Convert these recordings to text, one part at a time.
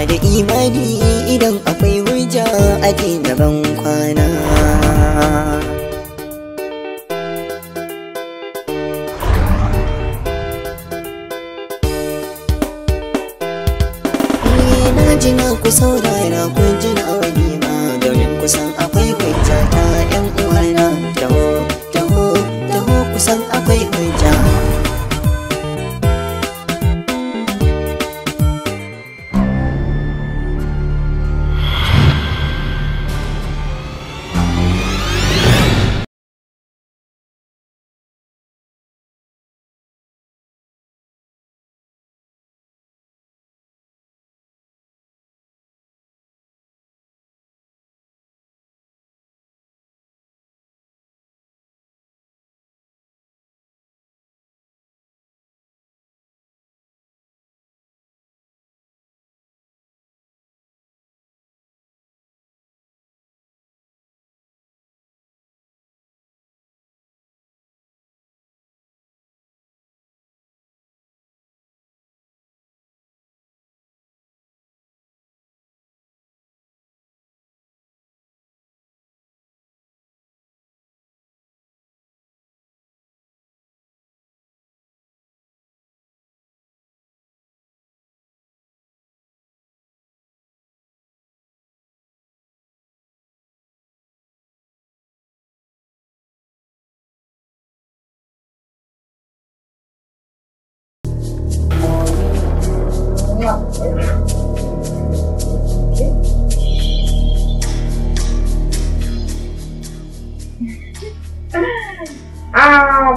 na da imani idan akwai hujja a daina ban kwana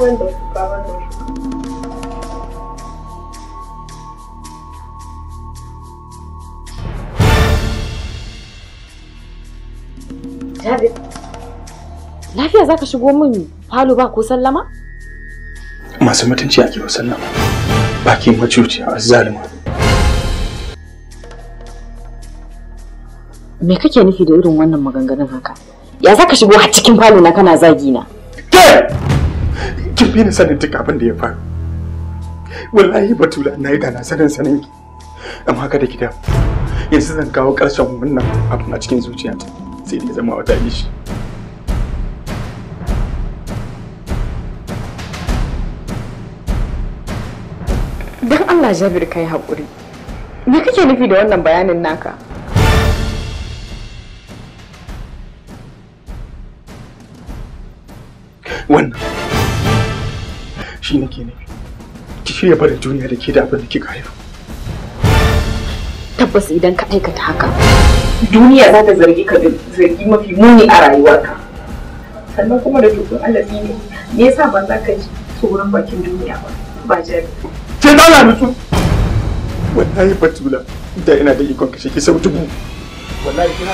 Jabir, lafiya za ka shigo min falo ba ko sallama? Masu mutunci ake wa sallama, baki macuci a zalima. Me kake nufi da irin wannan maganganun haka? Ya za ka shigo a cikin falo na kana zagi na? Ke! kin ni sanin duk abin da ya faru wallahi batula na yi da sanin sanin ki amma kada ki gida yanzu zan kawo ƙarshen wannan abin a cikin zuciyata sai dai zama wata shi. don allah jabir kai hakuri. me kake nufi da wannan bayanin naka wannan shi nake ne ki shirya barin duniya da ke da abin da kika haifa tabbas idan ka aikata haka duniya za ta zargi ka zargi mafi muni a rayuwarka sannan kuma da dukkan Allah ne me yasa ban za ka ji tsoron bakin duniya ba ba jari ke dala mutu wallahi batula da ina da ikon kashe ki sau dubu wallahi kina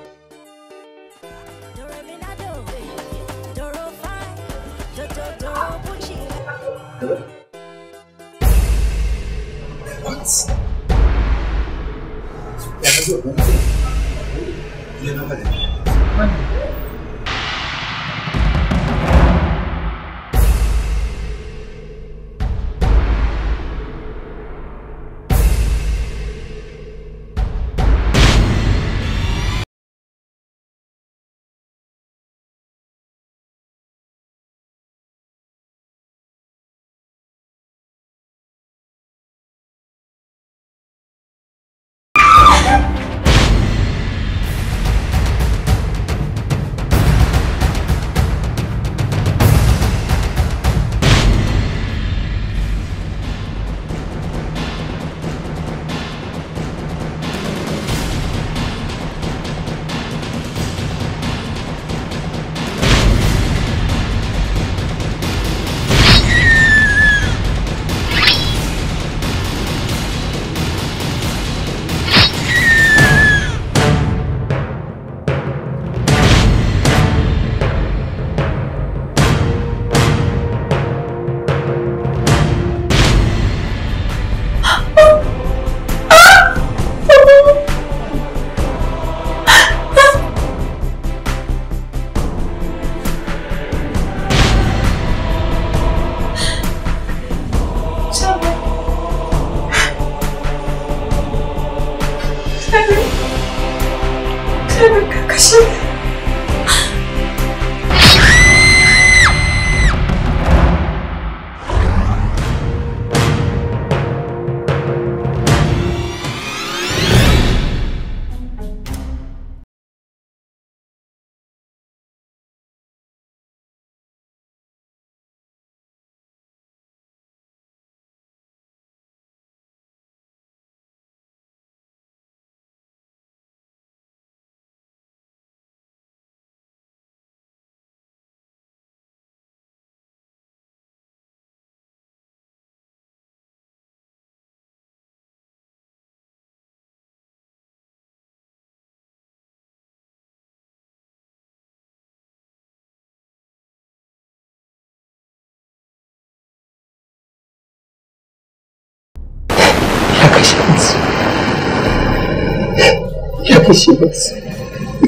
kashe da su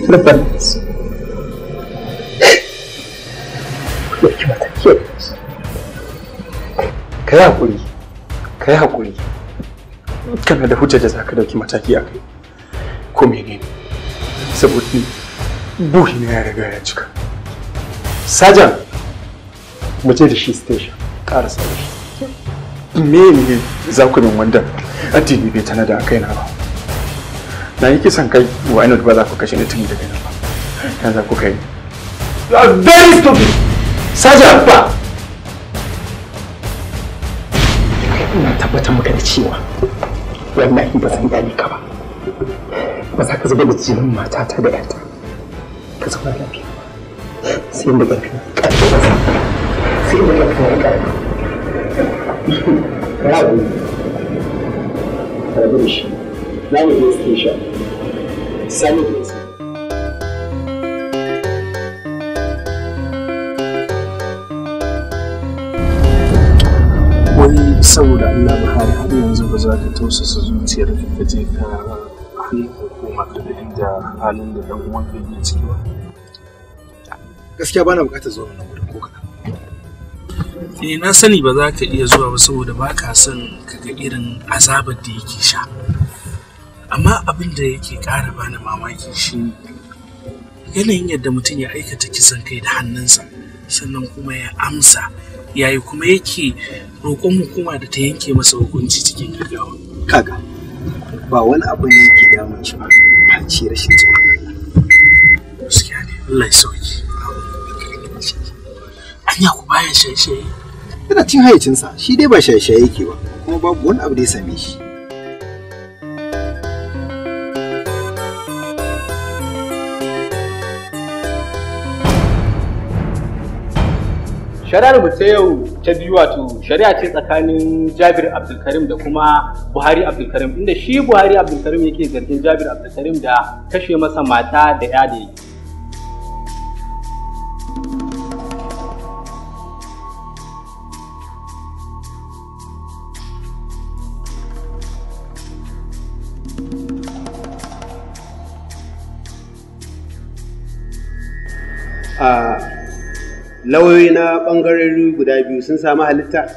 karfar da su ɗauki mataki da su ka yi haƙuri ka yi haƙuri kana da hujjar da za ka ɗauki mataki a kai ko menene saboda na ya riga ya cika sajan mu je da shi station ƙarasa da shi me ne za ku min wanda addini bai tana da kaina ba na yi kisan kai wa ainihin ba za ku kashe ni tuni daga nan ba kan za ku kai you are very stupid saja ba ina tabbatar maka da cewa wallahi ba zan gane ka ba ba za ka zuba da jinin matata da yata ka zauna lafiya sai inda ga fiye ƙarfi ba sai inda ga fiye ƙarfi ya rabu da shi za mu je station saboda Allah ba har har yanzu ba za ka tausasa zuciyar ka ka je ka hanyar hukuma ka da inda halin da dan uwan ka yake ciki ba gaskiya bana bukatar zuwa wannan wurin ko kaɗan. eh na sani ba za ka iya zuwa ba saboda ba ka son ka ga irin azabar da yake sha amma abin da yake ƙara bani mamaki shi yanayin yadda mutum ya aikata kisan kai da hannunsa sannan kuma ya amsa yayi kuma yake roƙon hukuma da ta yanke masa hukunci cikin gaggawa kaga ba wani abu ne yake damun shi ba ci rashin tsoron gaskiya ne Allah ya sauki anya ku baya shaye-shaye yana cin hayacinsa shi dai ba shaye-shaye yake ba kuma babu wani abu da ya same shi shari'ar mu ta yau ta biyu wato shari'a ce tsakanin Jabir Abdulkarim da kuma Buhari Abdulkarim inda shi Buhari Abdulkarim yake zargin Jabir Abdulkarim da kashe masa mata da ya da yake Uh, lauyoyi na bangarori guda biyu sun sami halitta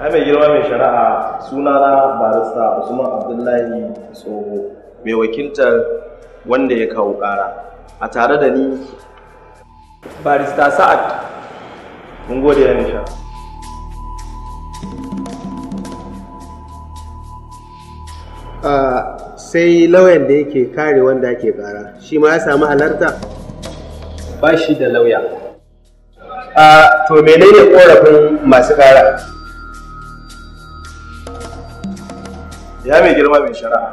ai mai girma mai shari'a sunana barista usman abdullahi tsoho mai wakiltar wanda ya kawo ƙara a tare da ni barista sa'ad mun gode ya nisha ah, sai lauyan da yake kare wanda ake ƙara shi ma ya samu halarta ba shi da lauya. A to menene korafin masu kara? Ya mai girma mai shari'a.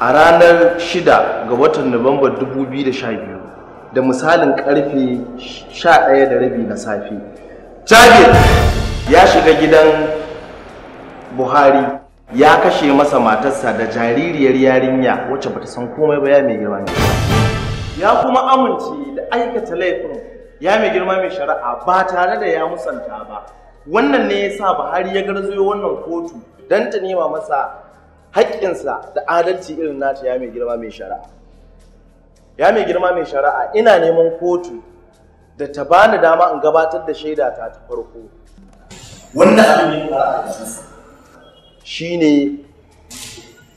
A ranar shida ga watan Nuwamba 2012 da misalin karfe 11.30 da rabi na safe, Jage ya shiga gidan Buhari ya kashe masa matarsa da jaririyar yarinya wacce bata san komai ba ya mai girma ne. Ya kuma amince aikata laifin ya mai girma mai shari'a ba tare da ya musanta ba wannan ne ya sa buhari ya garzayo wannan kotu don ta nema masa haƙƙinsa da adalci irin nata ya mai girma mai shari'a ya mai girma mai shari'a ina neman kotu da ta bani dama in gabatar da shaida ta ta farko wannan abin ya fara a shine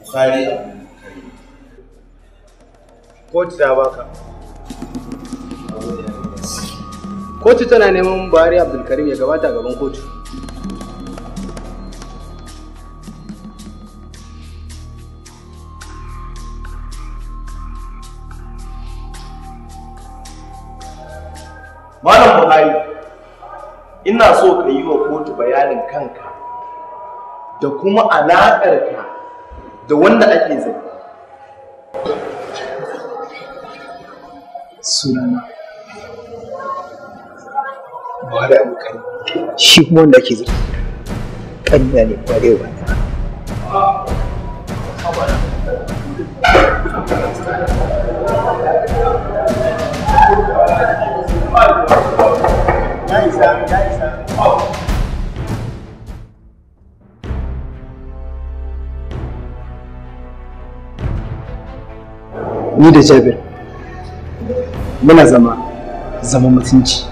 buhari abu kotu ta baka kotu tana neman buhari abdulkarim ya gabata gaban kotu malam buhari ina so ka yi wa kotu bayanin kanka da kuma alaƙarka da wanda ake zai sunana amma da abokai shi kuma wanda ake zargi ƙanya ne ba dai Ni da Jabir muna zama zama mutunci.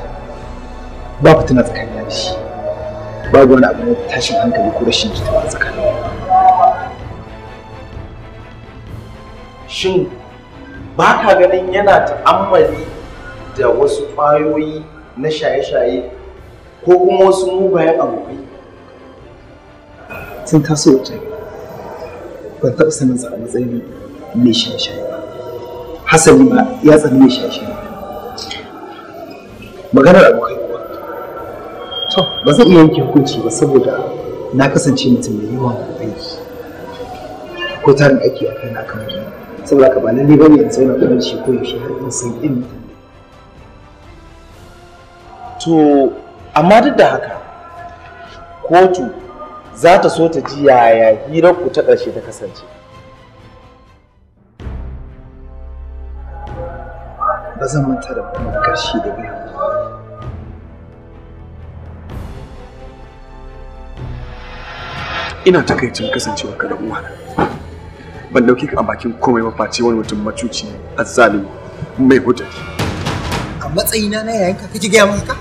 ba fitina tsakanin da shi babu wani abu na tashin hankali ko rashin jituwa tsakanin shin ba ka ganin yana ta'ammali da wasu ƙwayoyi na shaye-shaye ko kuma wasu mugayen abokai sun taso wace ban taɓa sanin sa a matsayin mai shaye-shaye ba hasali ma ya tsani mai shaye-shaye maganar abokai ba zan iya yanke hukunci ba saboda na kasance mutum mai yawan aiki ko tarin aiki a kai na kamar saboda ka ba lalle ba ne in zauna kamar shi ko yaushe har in san in to amma duk da haka kotu za ta so ta ji yaya hirar ku ta ƙarshe ta kasance ba zan manta da kuma ƙarshe da biyu ina takaicin kasancewa ka da uwana ban dauke ka a bakin komai ba face wani mutum macuci azzalimi mai hujjaji a matsayina na yayanka kake gaya maka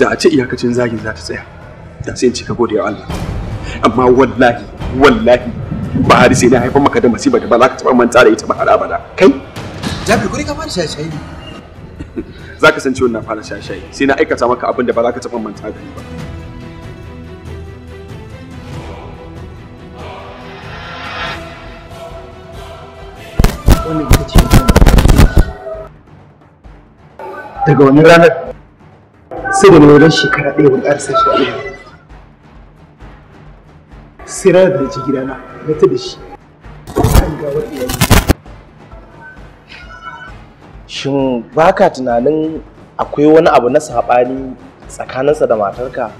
da a ce iyakacin zagin za ta tsaya da sai in ci ka gode wa Allah amma wallahi wallahi ba har sai na haifar maka da masiba da ba za ka taɓa manta da ita ba har abada kai jabi kuri ka fara shaye-shaye ne za ka san ciwon na fara shaye-shaye sai na aikata maka abin da ba za ka taɓa manta da ni ba daga wani ranar sai da wurin shekara ɗaya wani arsa shi ɗaya sai ranar da na ci gidana na ta da shi an gawar iyali shin baka tunanin akwai wani abu na saɓani tsakaninsa da matarka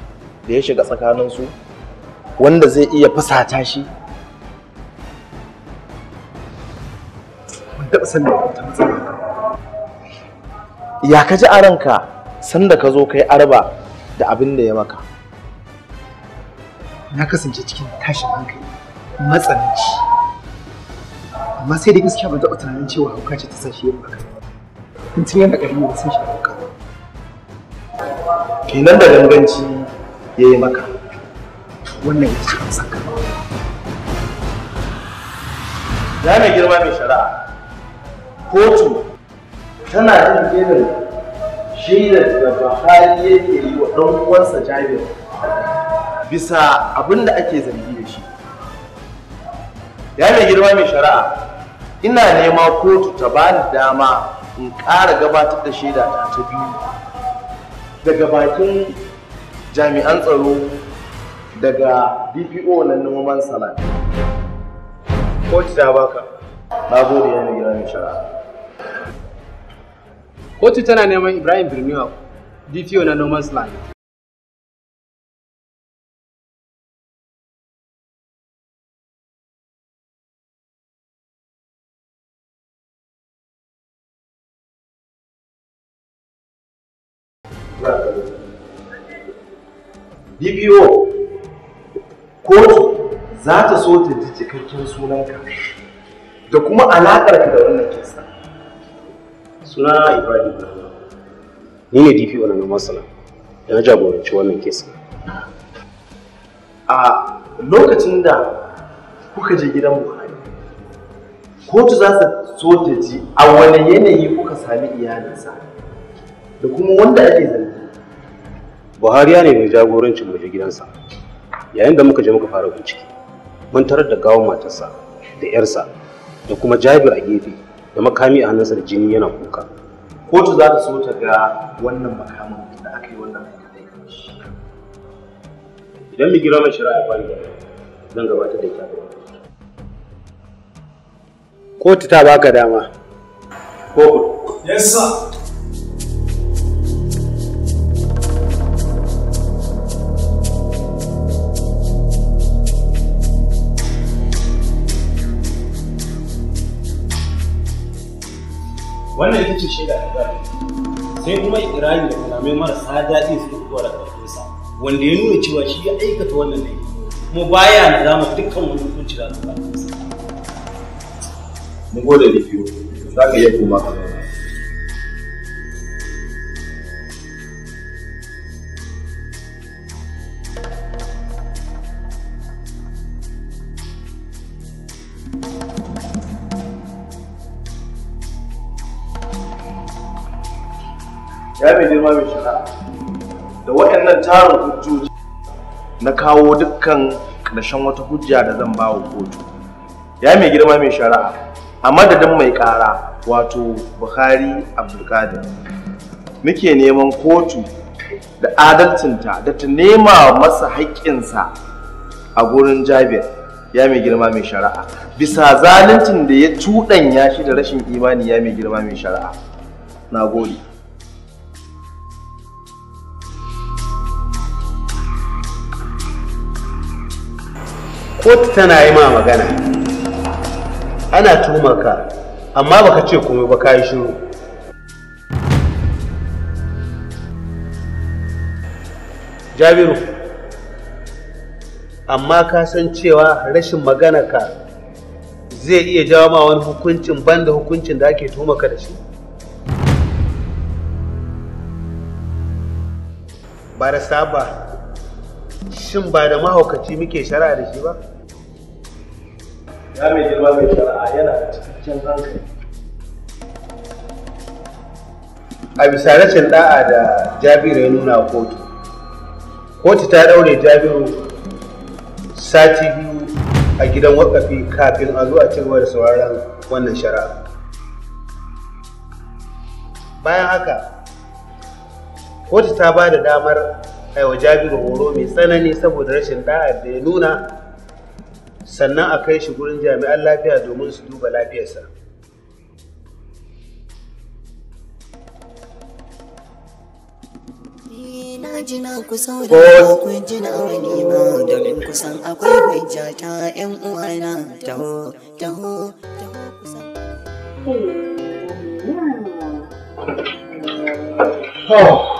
da ya shiga tsakaninsu wanda zai iya fusata shi ban taɓa sanin wata matsala ya ka ji a ranka sanda ka zo kai arba da abin da ya maka na kasance cikin tashin hankali matsananci amma sai da gaskiya ban taɓa tunanin cewa hauka ce ta sa shi yin baka in tun yana ƙarfi ba san shi hauka kenan da ganganci ya yi maka wannan ya ci amsa ka ya mai girma mai shari'a kotu tana jin irin shaidar da bahari yake yi wa ɗan uwansa Jabir bisa abin da ake zargi da shi. Ya mai girma mai shari'a, ina nema kotu ta ba bani dama in ƙara gabatar da shaida ta ta biyu daga bakin jami'an tsaro daga DPO na noman salat. Kotu ta baka. Na gode ya mai girma mai shari'a. kotu tana neman ibrahim birniwa dpo na noman land DPO kotu za ta so ta ji cikakken sunanka da kuma alaƙarka da wannan kisa. Sunana Ibrahim Barama. Ni ne DPO masana. Masala. Na jagoranci wannan kesa. A lokacin da kuka je gidan Buhari, kotu za su so ta ji a wani yanayi kuka sami iyalinsa da kuma wanda ake zargi. Buhari ya ne mai jagorancin waje je gidansa. Yayin da muka je muka fara bincike, mun tarar da gawon matarsa da 'yarsa da kuma Jabir a gefe da makami a hannunsa da jini yana kuka kotu za ta so ta ga wannan makamin da aka yi wannan aikata shi idan mai girma shari'a ba zan gabata da ita kotu ta baka dama ko yes wannan ita ce shaida da gari sai kuma ikirari da kalamai marasa daɗi su fitowa da ƙarfinsa wanda ya nuna cewa shi ya aikata wannan laifi kuma baya zama dukkan wani hukunci da aka Mun gode da biyu, za ka iya koma ka girma mai shari'a da waɗannan tarin hujjoji na kawo dukkan ƙarshen wata hujja da zan ba wa kotu ya mai girma mai shari'a a madadin mai ƙara wato buhari abdulkadir muke neman kotu da adalcinta da ta nema masa haƙƙinsa a gurin jabir ya mai girma mai shari'a bisa zaluncin da ya cuɗanya shi da rashin imani ya mai girma mai shari'a na gode kotu tana yi ma magana ana tumaka amma baka ce komai ba ka yi shiru jabiru amma ka san cewa rashin magana ka zai iya jawo ma wani hukuncin da hukuncin da ake tumaka da shi barista ba shin ba da mahaukaci muke shari'a da shi ba ya mai girma mai shari'a yana da cikakken hankali a bisa rashin da'a da jabiru ya nuna kotu kotu ta daure jabiru sati biyu a gidan wakafi kafin a zuwa a cigaba da sauraron wannan shari'a bayan haka kotu ta ba da damar ai wa jabiru horo mai tsanani saboda rashin da'ar da ya nuna sannan a kai shi gurin jami'an lafiya domin su duba lafiyarsa kusan da akwai ta yan uwana Oh.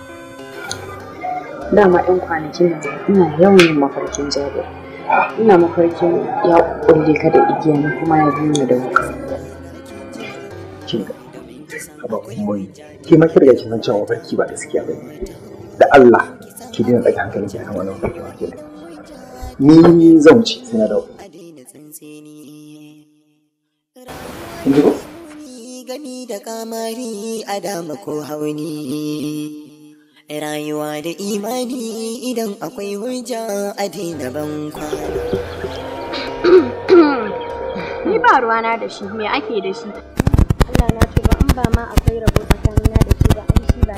dama ɗan kwanakin nan ina yawan yin mafarkin jabir ina mafarkin ya kulle ka da igiya ni kuma ya biyo ni da wuka kinga ba kuma yi ke ma kirga kin san cewa mafarki ba gaskiya ba da Allah ki dina daga hankali ki kan wannan mafarki ba ni zan wuce suna gani da kamari a dama ko hauni Rayuwa da imani idan akwai hujja a daina ban Ni ba ruwana da shi me ake da shi. Allah na ba in ba ma akwai rabo tsakanina da shi ba an shi ba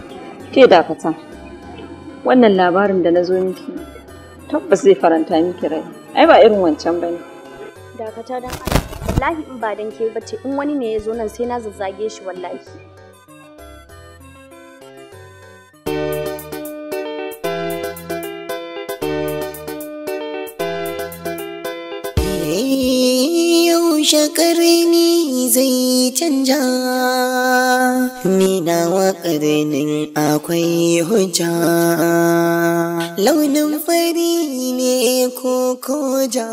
daidai da Ke dakata. Wannan labarin da na zo miki tabbas zai faranta miki rai. Ai ba irin wancan bane. Dakata dan Allah. Wallahi in ba dan ke bace in wani ne ya zo nan sai na zazzage shi wallahi. ƙarni zai canja ni wa ƙarnin akwai hujja launin fari ne ko koja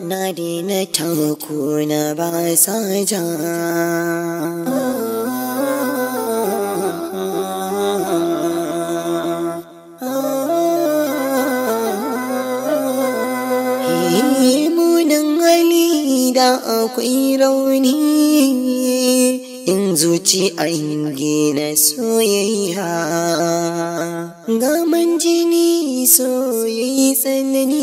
na daina taku na ba sa ja da akwai rauni in zuci a na soyayya gaman jini soyayi tsanani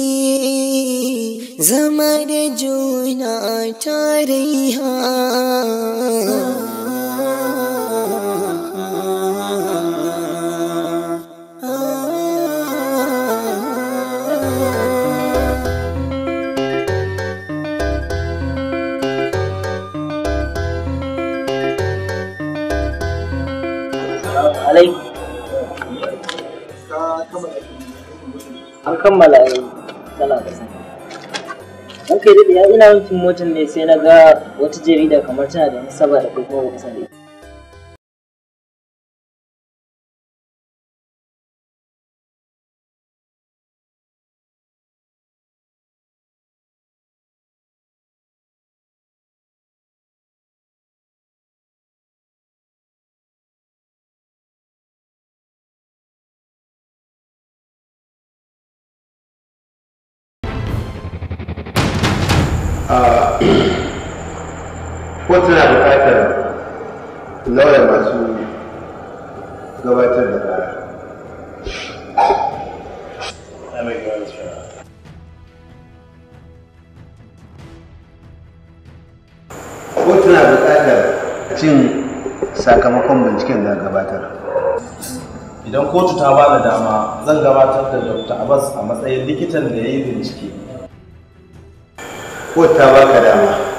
zama da juna tarayya kammala yau tana da sani Ok, kai ya ina wankin motar ne sai na ga wata jarida kamar tana da nasaba da kuma wasa da lauyan masu gabatar da kara Kotuna buƙatar cin sakamakon binciken da gabatar idan kotu ta ba da dama zan gabatar da dr abbas a matsayin likitan da ya yi bincike kotu ta ba ka dama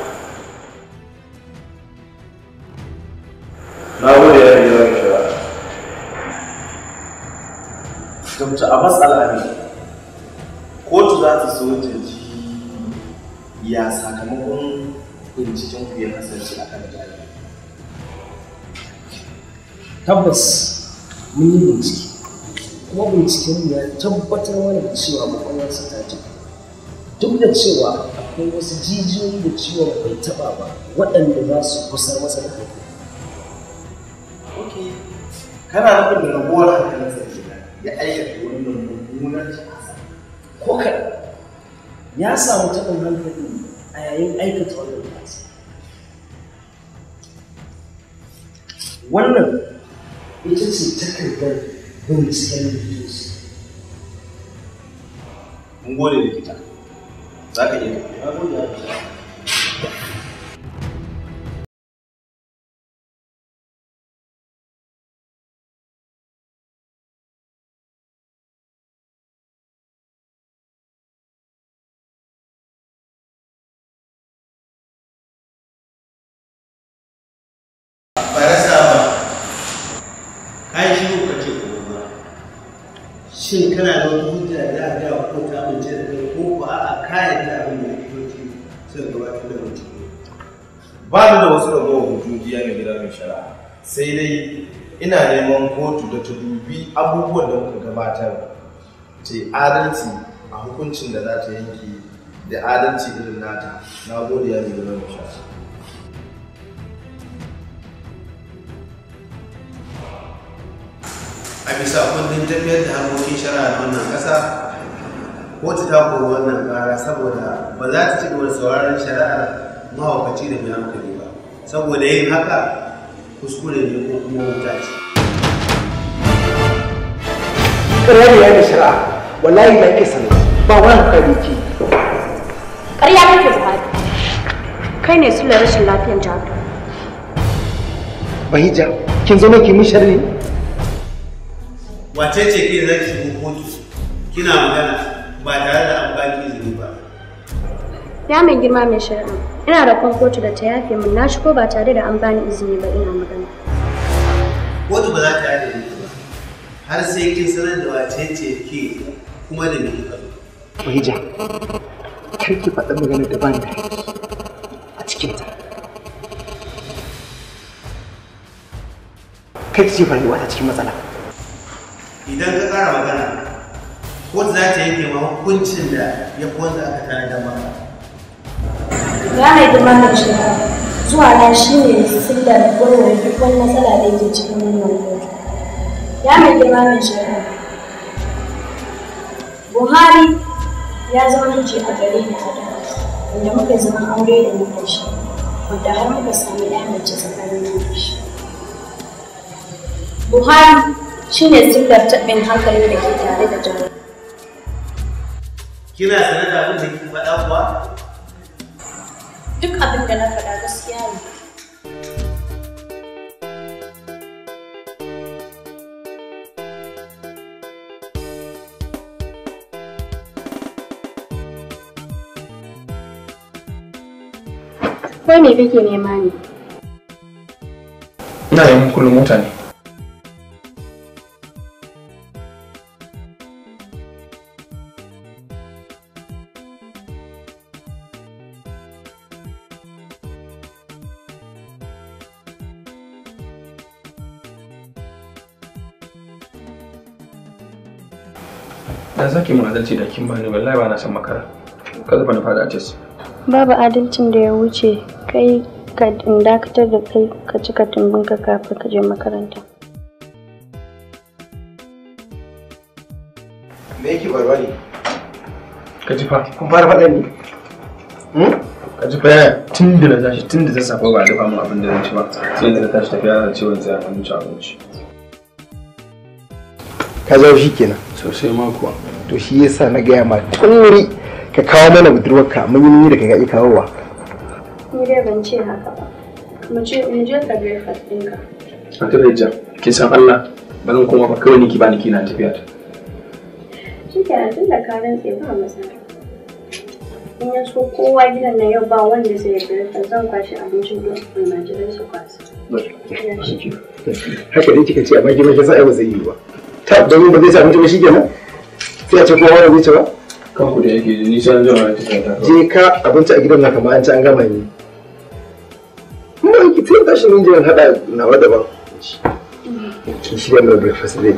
a matsala ne kotu za ta so ta ji ya sakamakon binciken ku ya kasance a kan jari. tabbas mun yi bincike kuma binciken ya tabbatar mana da cewa su ta ji duk da cewa akwai wasu jijiyoyi da ciwon bai taba ba waɗanda za su kusa masa da hankali. kana nufin da raguwar hankali ya samu taɓin hankali a yayin aikata wannan ta'asa wannan ita ce takardar binciken likitoci mun gode likita za ka iya tafiya gode ya kana da wata hujja da za a ga ko ta amince da kai ko ko a kayan da abin da sai ga wata da bincike ba ni da wasu ragowar hujjoji ya ga gidan mai shari'a sai dai ina neman kotu da ta dubi abubuwan da muka gabatar ce adalci a hukuncin da za ta yanke da adalci irin nata na gode ya ga gidan mai shari'a a bisa kundin tafiyar da harkokin shari'a na wannan ƙasa kotu ta kori wannan ƙara saboda ba za ta ci gaba sauraron shari'ar mahaukaci da mai hankali ba saboda yin haka kuskure ne ko kuma wuta ce. ƙarya ne yana shari'a wallahi na ke sanu ba wani hankali ke. ƙarya kake buhari kai ne su rashin lafiyar jami'a. bahija kin zo ki min sharri wace ce ke zai shigo kotu kina magana ba tare da an baki ba ya mai girma mai shari'a ina da kwan kotu da ta yafe min na shigo ba tare da an bani izini ba ina magana kotu ba za ta yafe ni ba har sai kin sanar da wace ce ke kuma da me ka zo Wahija, kar ki faɗa magana da ban a a cikinta. Kai ki jefa rayuwa ta cikin matsala. idan ka kara magana ko za ta yi ma hukuncin da ya wanda aka mara. Ya ranar imanin cewa zuwa na shi ne sillar wannan dukkan matsala da yake cikin wannan kotu ya mai imanin cewa buhari ya zama ji a gare ni a inda muka zama aure da muka shi wadda har muka sami ɗaya mace tsakanin shi buhari shine sigar taɓin hankalin da ke tare da jama'a. Kina sanar da abin da ke faɗa kuwa? Duk abin da na faɗa gaskiya ne. Ko me kake nema ne? Ina yin kullum mutane. zaki mun adalci da kin bani wallahi ba na san makara kada fa na fada a tes babu adalcin da ya wuce kai ka dakatar da kai ka cika tumbinka kafin ka je makaranta me yake barwa ne ka ji fa kun fara faɗa ne hmm? ka ji fa yaya tun da na tashi tun da sassafe ba a dafa min abin da zan ci ba sai da na tashi tafiya na ciwon tsaya ci abinci ka zau shi kenan sosai ma kuwa to shi yasa na gaya ma tun wuri ka kawo mana budurwarka mun yi da ka ga kawowa ni dai ban ce haka ba mu je in je ka ga fatinka a tare da ke san Allah ba zan koma ba kawai ni ki ni kina tafiya ta shi ke tun da ka rantse ba matsala in ya so kowa gidan na yau ba wanda zai yarda zan kwashe abincin don almajirai su kwasa. Haka dai kika ce amma gidan ka sa'a ba zai yi ba. Ta domin ba zai ci abinci ba shi kenan? kina ce kuma wani wuce ba kan ku da yake ni san jama'a ta ta je ka abinci a gidan na kama an ci an gama ni ina tashi hada nawa daban breakfast da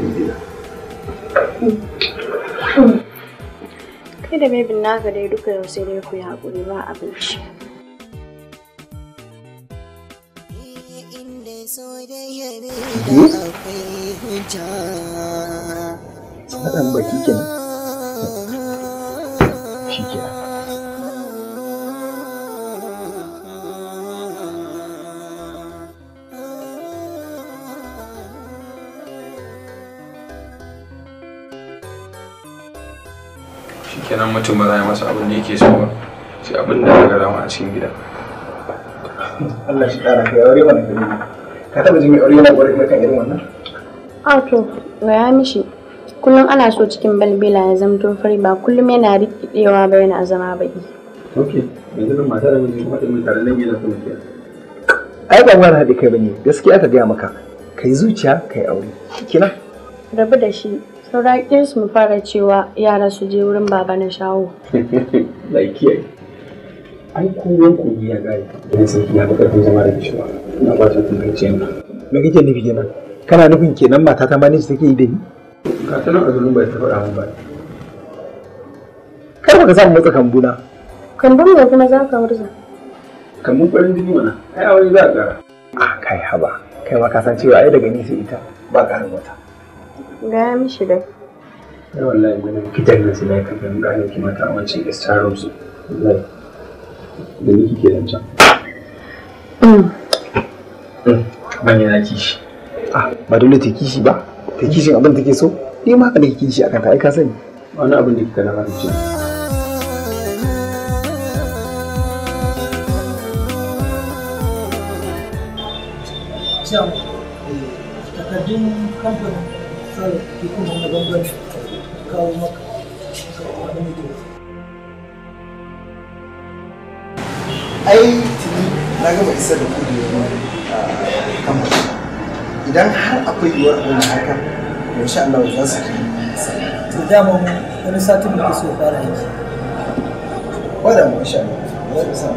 kai da bebin naka dai duka yau sai dai ku yi haƙuri ba abinci Sadan kenan. shi kenan mutum ba za a yi masa abin da yake so ba sai abin da aka rama a cikin gida Allah shi kara kai aure mana gari ka taba jin mai aure yana gore kuma kan irin wannan a to ga ya mishi ana so cikin balbila ya zamto fari ba kullum yana rikidewa ba yana zama baki ok yanzu nan mata da miji kuma ɗin tare nan yana kuma kiyar ai ba wani haɗe kai bane gaskiya ta gaya maka kai zuciya kai aure kina rabu da shi saura kirs mu fara cewa yara su je wurin baba na shawo laiki ai kowan ku ya gaya idan sun kina ba karfin zama da bishiwa na ba ta kuma ce na me kake nufi kenan kana nufin kenan mata ta ma ne take yi da ni Ka sanar a zulun bai ta faɗa ba. Kar ba ka samu matsa kambuna. Kambun ne kuma za ka murza. Kambun farin jini mana, ai aure za a ƙara. A ah, kai haba, kai ma ka san cewa ai daga nisa ita ba ƙarin wata. Gaya mishi dai. Ai wallahi gwanin kitan nan su na kan kan gane ki mata a wancan istarar su. Wallahi. Da ni kike nan can. Mm. Mm. Ban yana kishi. Ah, ba dole ta kishi ba. Ta kishin abin take so? ni ma ka da kishi a kanta ai ka sani wani abin da kika na ba ce takardun kamfanin sai hukumar na gwamnati kawo maka ai tuni na gama isa da kudi a ah, kamfanin idan har akwai yiwuwar abin da haka insha Allah za su to dama mu wani satin da so fara aiki wadda mu insha Allah za samu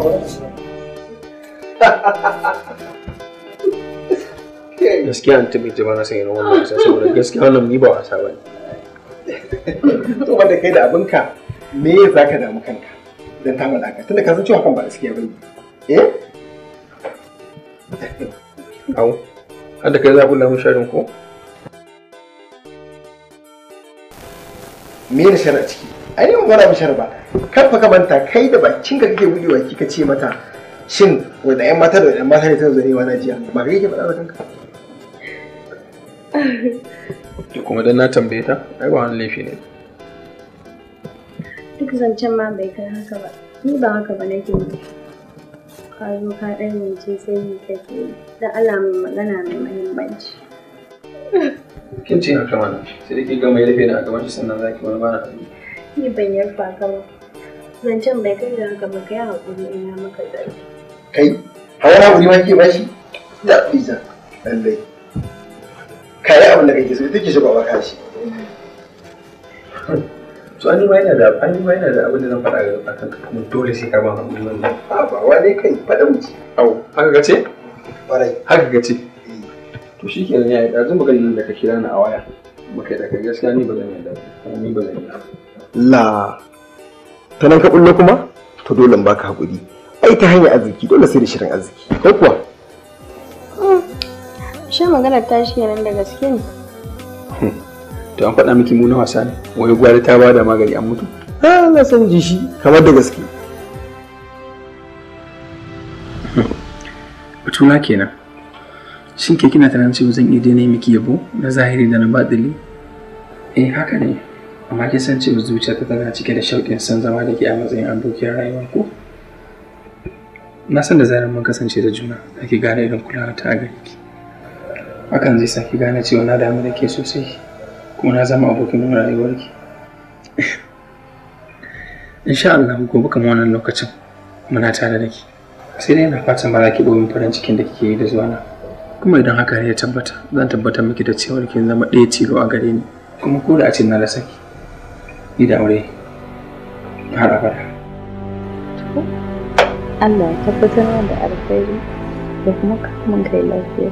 lafiya gaskiya an taɓa jima na san irin wannan wasa saboda gaskiya wannan ni ba wasa ba to wanda kai da abinka me ya za damu kanka don ta malaka tunda ka san cewa kan ba gaskiya ba eh Au, har kai za a bulla mun sharin ko? Me da shara ciki? Ai ne magana mishar ba. Kar fa ka manta kai da bakin ka kake gudewa kika ce mata shin wanda ƴan mata da ƴan mata ne ta zarewa na jiya ba kai ke faɗa ba kanka. Ki kuma dan na tambaye ta ai ba wani laifi ne. Duk zancen ma bai kai haka ba. Ni ba haka ba nake nufi. ka zo ka ɗan yanke sai yi kake da Allah mai magana mai muhimmanci. Kin ce haka mana sai da ke gama ya rufe na a gaban shi sannan za ki wani bana abu. Ni ban yarfa ka ba. Zancen bai kai da haka ba kai haƙuri in ya maka zarfi. Kai hawan haƙuri ma ke bashi? Da biza lallai. Kayi abin da kake so ita ke shi ba ba kashi. to an ma yana da an ma yana da abin da zan faɗa a kan kuma dole sai ka ban hakuri wannan ba wa dai kai faɗa muke au haka gace ƙwarai haka gace eh. to shi kenan ya yi ɗazun maganin nan da ka kira ni a waya muka da kai gaskiya ni ba zan yi daɗi ni ba zan yi la ta nan ka bullo kuma to dole ba ka hakuri ai ta hanyar arziki dole sai da shirin arziki ko kuwa ah, shi maganar tashi kenan da gaske ne hmm. to an faɗa miki muna wasa ne wani gwari ta bada magani an mutu ha na san ji shi kamar da gaske batuna kenan shin ke kina tunanin cewa zan iya daina miki yabo na zahiri da na baɗili eh haka ne amma ke san cewa zuciyarta tana cike da shauƙin san zama da ke a matsayin abokiyar rayuwa ko? na san da zarar mun kasance da juna nake gane irin kulawa ta a gare ki hakan zai saki gane cewa na damu da ke sosai kuma na zama abokin rayuwarki insha Allah gobe kamar wannan lokacin muna tare da ki sai dai yana fatan ba za ki domin farin cikin da kike yi da zuwa na kuma idan haka ne ya tabbata zan tabbata miki da cewa kin zama ɗaya tilo a gare ni kuma ko da a ce na rasa ki ni da aure har abada Allah ya tabbatar da alkhairi da kuma kamun kai lafiya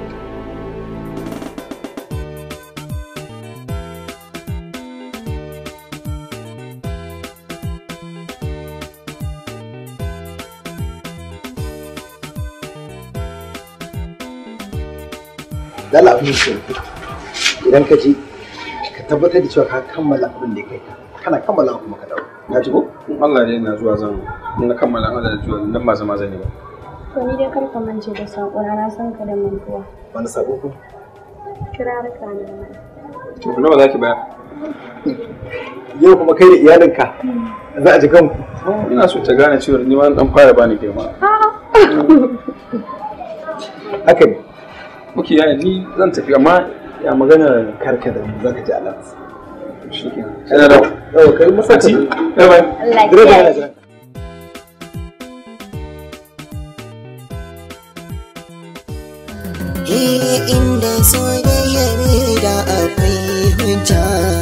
da abin da idan ka je ka tabbatar da cewa ka kammala abin da ya kai ka kana kammala kuma ka dawo ka ji ko Allah ne na zuwa zan na kammala Allah da zuwa nan ba zama zan yi ba to ni dai kar ka mance da sako na san ka da mantuwa wani sako ko kirarka ne to za ki baya yau kuma kai da iyalinka za a ji kan ina so ta gane cewa ni ma dan fara bani girma haka ne Okay, ya ni zan tafi amma ya magana karka da za ka ji alat shi ke da kai masaci bye bye direba yana eh, inda soyayyar da akwai hujja